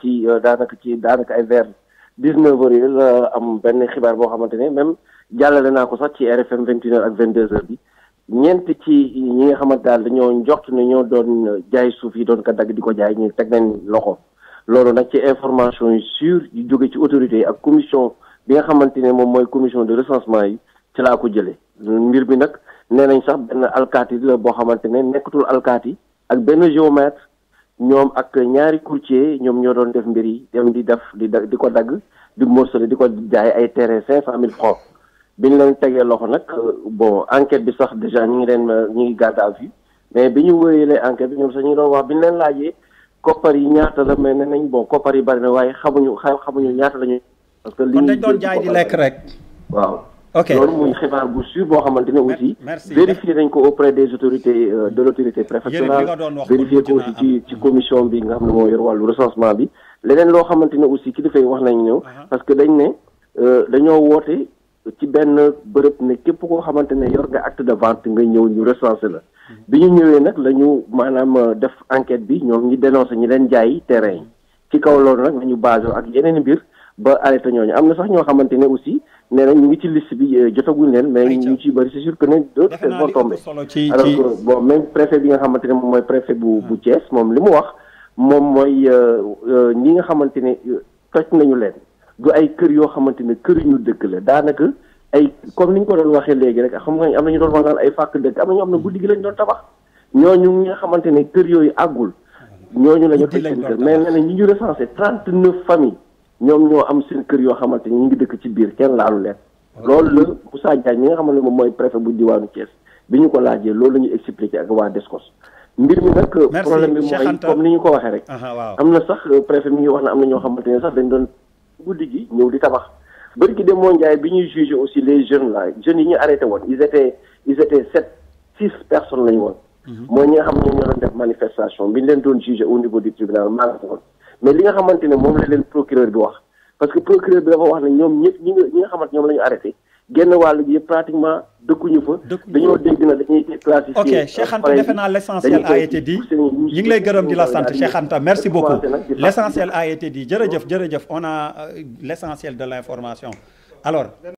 ci euh, daanaka ci daanaka ay vers dix-neuf yi la am benn xibaar boo xamante ne même jàllale naa ko sax ci RFM vingt une heures ak vingt deux heures bi ñeent ci ñi nga xamante daal dañoo njort ne ñoo doon jaay suuf yi doon ko dagg di ko jaay ñu teg nañ loxo loolu nag ci information yi sûre yi jóge ci autorité yi ak commission bi nga xamante ne moom mooy commission de recensement yi ci laa ko jëlee mbir bi nag nee nañ sax benn alkaati la boo xamante ne nekkatul alkaati ak benn géomètre ñoom ak ñaari courtier ñoom ñoo doon def mbir yi dem di def di di ko dagg di morcelé di ko jaay ay terrain cinq cent mille francs bi ñu leen tegee loxo nag euh, bon enquête bi sax déjà ñu ngi leen euh, ñu ngi garde à vue mais bi ñu wéyalee enquête bi ñoom sax ñu doon wax bi ñu leen laajee koppar yi ñaata la mais nee nañ bon koppar yi bari na waaye xamuñu xamuñu ñaata lañu parce que li ñu doon jaay di lekk rek waaw ok loolu muy xibaar bu sûr boo xamante ne aussi. vérifier nañ ko auprès des autorités euh, de l' autorité préfectorale vérifier ko aussi ci ci commission bi nga xam ne moo yor wàllu recensement bi leneen loo xamante ne aussi kilifa yi wax nañ ñëw parce que dañ ne euh, dañoo woote ci benn bërëb ne képp koo xamante ne yor nga acte de vente nga ñëw ñu recensé la mhm. bi ñu ñëwee nag la ñu maanaam euh, def enquête bi ñoom ñi dénoncé ñi leen jaay terrain ci kaw loolu nag nañu basé ak yeneen mbir ba arrêté ñooñu am na sax ñoo xamante ne aussi nee na ñu ngi ci liste bi euh, jotaguñ leen mais ñu ci bëri c'est sûr que ne d'autres vont tomber alors que bon bi nga xamante ne moom mooy préfet bu bu hmm. Thiès moom li mu wax moom mooy euh, euh, ñi nga xamante ne toj nañu leen du ay kër yoo xamante ne kër ñu dëkk la daanaka ay comme ni ñu ko doon waxee léegi rek xam nga am na ñu doon wax naan ay dëkk am na ne guddi gi lañ doon tabax ñooñu ñi nga xamante ne kër yooyu àggul ñooñu la ñu toj seen kër mais nee na ñi ñu recensé trente neuf familles ñoom ñoo am seen kër yoo xamante ñu ngi dëkk ci biir kenn laalu leen loolu la Moussa Diagne mi nga xamante ne moom mooy préfet bu diwaanu Thiès bi ñu ko laajee loolu la ñuy expliqué ak waa Descos mbir mi nag problème bi mooy comme ni ñu ko waxee rek am na sax euh, préfet mi ngi wax na am na ñoo xamante ne sax dañ doon guddi gi ñëw di tabax bari ki dem moo njaay bi ñuy jugé aussi les jeunes là jeunes yi ñu arrêté woon ils étaient ils étaient sept six personnes lañu woon mhm. mooy ñi bi ñu leen doon jugé au niveau du tribunal maa nga woon mais li nga xamante ne moom la leen procureur bi wax parce que procureur bi dafa wax ne ñoom ñëpp ñi nga ñi nga xamante ñoom la ñu arrêté genn wàll gi pratiquement dëkkuñu fa. dañoo dégg ok Cheikh defe naa l' a été dit ñu ngi lay gërëm di la sant Cheikh Anta merci beaucoup l' essentiel a été dit jërëjëf jërëjëf on a euh, l' de l' information alors.